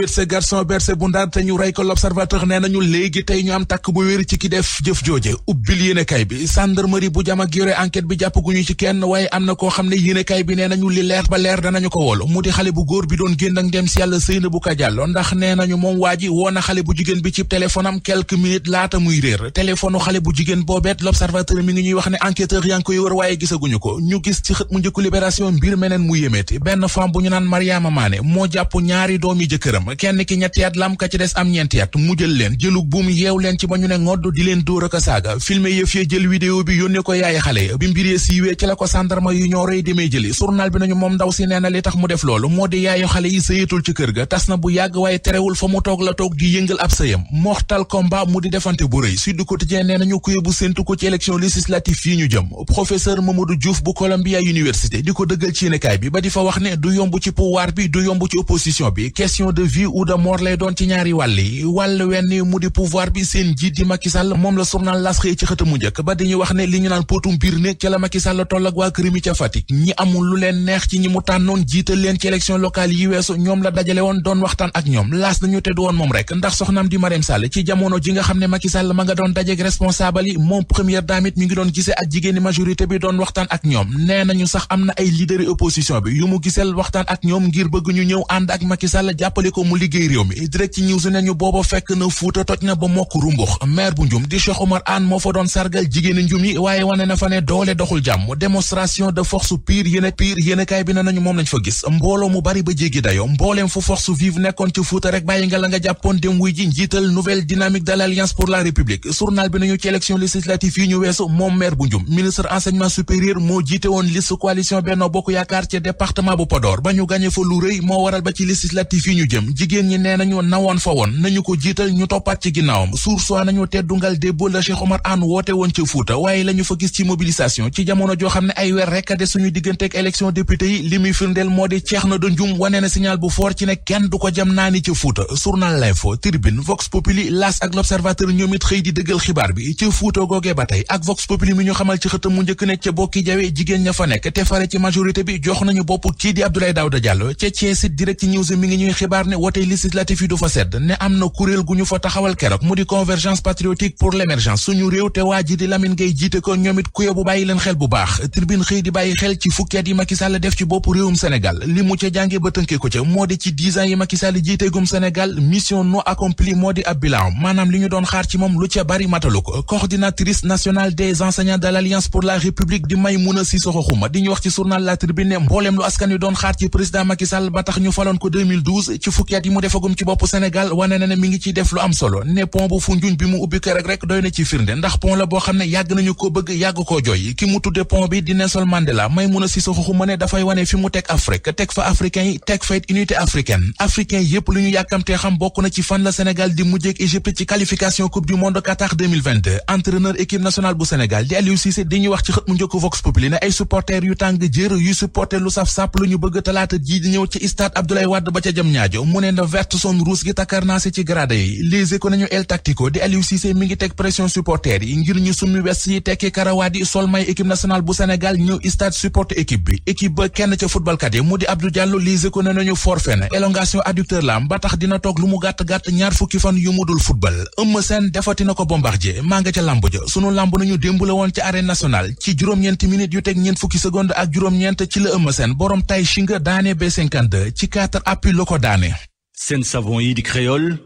wérse garçon berse bu ndar te ñu rey ko l'observateur nee nañu léegi tey ñu am takk bu ci ki def jëf jooje ubbil yéenekaay bi gendarmerie bu jam ak yore bi jàpp guñu ci kenn waaye am na koo xam ne yéenekaay bi nee nañu li leer ba leer danañu ko woolu mu di bu góor bi doon génn ak dem si yàlla sëy na bu ka jàllo ndax nee nañu moom waa ji woo na xale bu jigéen bi ci téléphone am quelques minutes laata muy réer téléphone xale bu jigéen boobet l'observateur mi ngi ñuy wax ne enquêteur yaa ngi koy wër waaye gisaguñu ko ñu gis ci xët mu njëkku libération mbir meneen mu yémeeti benn femme bu ñu naan Mariama Mané moo jàpp ñaari doomi jëkkëram jàmm kenn ki ñetti at lam ka ci des am ñeenti at mu jël leen jëlug buum yeew leen ci ba ne ngodd di leen dóor ak a saaga filmé yëf ya jël vidéo bi yónnee ko yaay xale bi mbir yi siiwee ci la ko sandarma yu ñoo rëy demee jëli journal bi nañu moom ndaw si nee na li tax mu def loolu moo di yaayu xale yi sëyatul ci kër ga tas na bu yàgg waaye terewul fa mu toog la toog di yëngal ab sëyam mortal combat mu di defante bu rëy Sud Quotidien nee nañu kuye bu séntu ko ci élection législative yi ñu jëm professeur Mamadou Diouf bu Columbia Université ko dëggal ci yéenekaay bi ba di fa wax ne du yomb ci pouvoir bi du yomb ci opposition bi question de vie vie ou de mort lay doon ci ñaari wàll yi wàll wenn mu di pouvoir bi seen jiit di Macky moom la journal L'As xëy ci xët mu njëkk ba dañuy wax ne li ñu naan potum biir ne ca la Macky toll ak waa kër mi ca Fatick ñi amul lu leen neex ci ñi mu tànnoon jiital leen ci élection locale yi weesu ñoom la dajale woon doon waxtaan ak ñoom laas nañu te du woon moom rek ndax soxnaam di Marème ci jamono ji nga xam ne Macky ma nga doon dajeek responsable mu liggéey réew mi direct ci news ne ñu booba fekk na fuuta toj na ba mokk rumbux maire bu njum di Cheikh Omar Anne moo fa doon sargal jigéeni njum yi waaye wane na fa ne doole doxul jàmm démonstration de force pire yéen pire yéen kaay bi na nañu moom lañ fa gis mbooloo mu bari ba jéggi dayo mbooleem fu force vive nekkoon ci fuuta rek bàyyi nga la nga jàppoon dem wuy ji njiital nouvelle dynamique de l'alliance pour la république journal bi nañu bu njum ministre enseignement supérieur moo jiite woon liste coalition Benno Bokk Yaakaar ci département bu Podor ñu gàñe fa lu rëy moo waral ba ci législative yi ñu jëm jigéen ñi nee nañu nawoon fa woon nañu ko jiital ñu toppaat ci ginnaawam sursoi nañu teddungal débboo la Cheikh Omar Anne woote woon ca Fuuta waaye la ñu fa gis ci mobilisation ci jamono joo xam ne ay weer rek de suñu digganteeg élection député yi li muy firndeel moo di ceex na da njum wane na signal bu fort ci ne kenn du ko jam naani ca Fuuta journal L'Info Tribune Vox Populi L'As ak L'Observateur ñoom it xëy di dëggal xibaar bi ca Fuuta googee ba tey ak Vox Populi ne ca bokki jawee jigéen ña fa nekk te fare ci majorité bi jox nañu bopp kii di Abdoulaye Daouda Diallo ca wootee législatif du fa sedd ne am na gu fa taxawal convergence patriotique pour l'émergence suñu te waji di Lamine Gueye jité ko ñomit it xel bu baax tribune xey di bàyyi xel ci fukki at yi Macky Sall def ci bop Sénégal li mu ci jangé ba tënkee ko ca modi ci dix ans yi Macky Sall Sénégal mission non accomplie modi di Manam bilan maanaam li ñu doon xaar ci lu bari coordinatrice nationale des enseignants de l'Alliance pour la République di Maïmouna Sissoko Khouma di ñu wax ci journal La Tribune mbooleem lu askan doon xaar ci président Macky Sall ba tax ñu falon ko 2012 ci fukki at yi mu defagum ci bopp Sénégal wane na ne mi ngi ciy def lu am solo ne pont bu Foundiougne bi mu ubbi keroog rek doy na ci firnde ndax pont la boo xam ne yàgg nañu ko bëgg yàgg koo jooy ki mu tudde pont bi di Nelson Mandela Maïmouna Sissoko Khouma ne dafay wane fi mu teg Afrique teg fa africain yi teg fa unité africaine africain yépp lu ñu yàkkamtee xam bokk na ci fan la Sénégal di mujjeek Égypte ci qualification coupe du monde Qatar 2022 entraîneur équipe nationale yu tàng jër yu supporter lu saf sàpp lu di ñëw ci stade Abdoulaye mu ne na verte son rouge gi takkar naa si ci grade yi lise ko nañu el tactico di Aliou Cissé mi ngi teg pression supporters yi ngir ñu summi west yi tekki karawaat yi sol may équipe nationale bu Sénégal ñëw stade supporter équipe bi équipe ba kenn ca footballkat yi mu di Abdou Diallo lise ko ne nañu forfait na élongation adducteur lam ba tax dina toog lu mu gàtt-gàtt ñaar fukki fan yu mu dul football Eumeu Sène defati ko bombardier maa nga ca lamb ja sunu lamb C'est Seine de créole